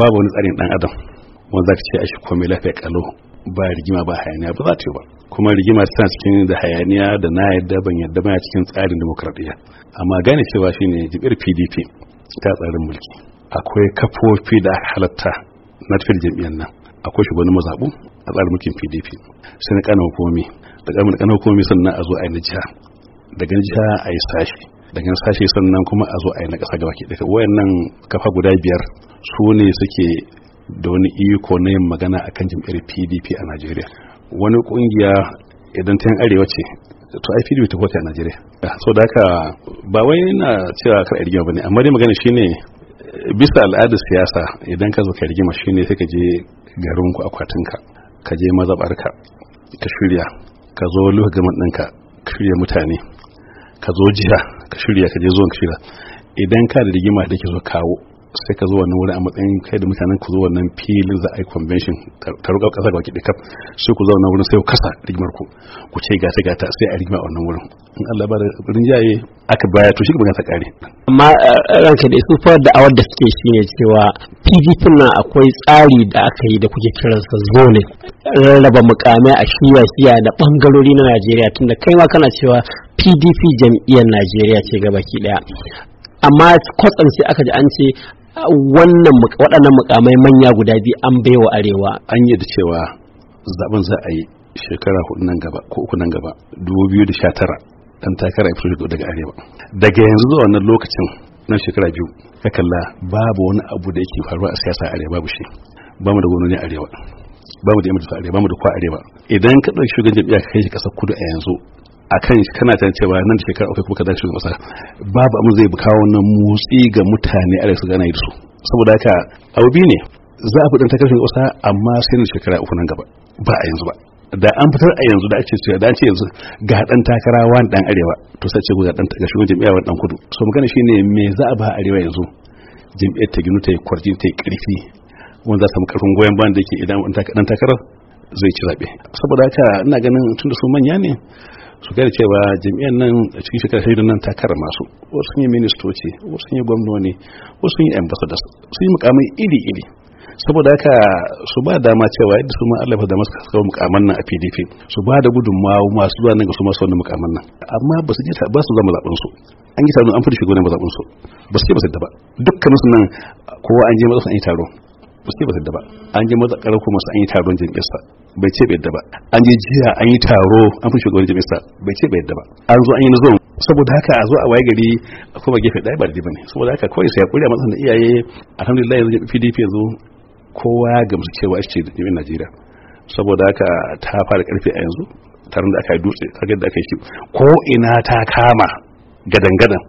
babu wani tsarin dan adam wanda zaka ce a shi komai lafiya kalo ba rigima ba hayaniya ba za ta yi ba kuma rigima tana cikin da hayaniya da na yadda ban yadda ba cikin tsarin demokradiyya amma gane cewa shine jibir PDP ta tsarin mulki akwai kafofi da halatta na tafiyar jam'iyyar nan akwai shugaban mazaɓu a tsarin mulkin PDP sai na kana hukumi da kana hukumi sannan a zo a yi na jiha daga jiha a yi sashi daga sashe sannan kuma a zo a yi na ƙasa gaba ke wayannan kafa guda biyar su ne suke da wani iko na yin magana kan jam'iyyar pdp a najeriya wani ƙungiya idan ta arewa ce to ai pdp ta kwata a najeriya so da haka ba wai na cewa kar rigima ba ne amma dai magana shine bisa al'adar siyasa idan ka zo ka rigima shine sai ka je garinku akwatinka ka je mazabarka ka shirya ka zo lokacin ɗinka ka shirya mutane ka zo jiha ka shirya ka je zuwan ka shirya idan ka da rigima da ke zo kawo sai ka zo wannan wurin a matsayin kai da mutanen ku zo wannan filin za a yi convention ta roƙa kasa ga kiɗi kaf sai ku zo wannan wurin sai ku kasa rigimar ku ku ce gata gata sai a rigima a wannan wurin in Allah ba da rinjaye aka baya to shi ga ta kare. amma eh, ranka da su da awar da suke shi ne cewa pdp na akwai tsari da aka yi da kuke kiransa zone rarraba mukamai a shiya shiya da bangarori na najeriya tunda kai ma kana cewa pdp jam'iyyar najeriya ce gabaki daya amma kwatsam sai aka ji an ce wannan waɗannan mukamai manya guda biyu an baiwa arewa an yi da cewa zaben za a yi shekara hudu nan gaba ko uku nan gaba 2019 dan takara ifirka daga arewa daga yanzu zuwa wannan lokacin nan shekara biyu ka kalla babu wani abu da yake faruwa a siyasa arewa babu shi ba mu da gwamnoni arewa ba mu da yamma da arewa ba mu da kwa arewa idan ka ɗauki shugaban jam'iyya ka kai shi ƙasar kudu a yanzu a kan shi kana can cewa nan da shekara uku kuma ka zai shugaban ƙasa babu abin zai kawo wannan motsi ga mutane a su gana yi su saboda haka abu biyu ne za a fitar takarar ƙasa amma sai na shekara uku nan gaba ba a yanzu ba da an fitar a yanzu da ake cewa da an ce yanzu ga dan takara wa dan arewa to sai ce ga dan ga shugaban jam'iyya wani dan kudu so magana shine me za a ba arewa yanzu jam'iyyar ta ginu ta yi kwarji ta yi ƙarfi wanda za samu karfin goyon bayan da ke idan dan takarar zai ci zaɓe saboda haka ina ganin tun da su manya ne su gane cewa jami'an nan a cikin shekarar shaidu nan takara masu wasu sun yi ministoci wasu sun yi gwamnoni wasu sun yi ambassadors sun yi mukamai iri-iri saboda haka su ba dama cewa yadda su ma Allah da masu kasuwa mukaman nan a PDP su ba da gudunmawa masu zuwa nan ga su masu wani mukaman nan amma ba su je ba su zama zaɓinsu an yi taro an furta shugaban ba zaɓinsu ba su ce ba su da ba dukkanin su nan kowa an je masu an yi taro ba ba da ba an yi maza karar masu an yi taron jam'iyyarsa bai ce bai yadda ba an yi jiya an yi taro an fi shugaban jam'iyyarsa bai ce bai yadda ba an zo an yi nazo saboda haka a zo a waye gari a kuma gefe ɗaya ba da ne saboda haka kawai sai ya kuri a matsayin da iyaye alhamdulillah yanzu PDP yanzu kowa ya gamsu cewa shi ce jami'in Najeriya saboda haka ta fara karfe a yanzu taron da aka yi dutse kaga da aka yi shi ko ina ta kama gadan-gadan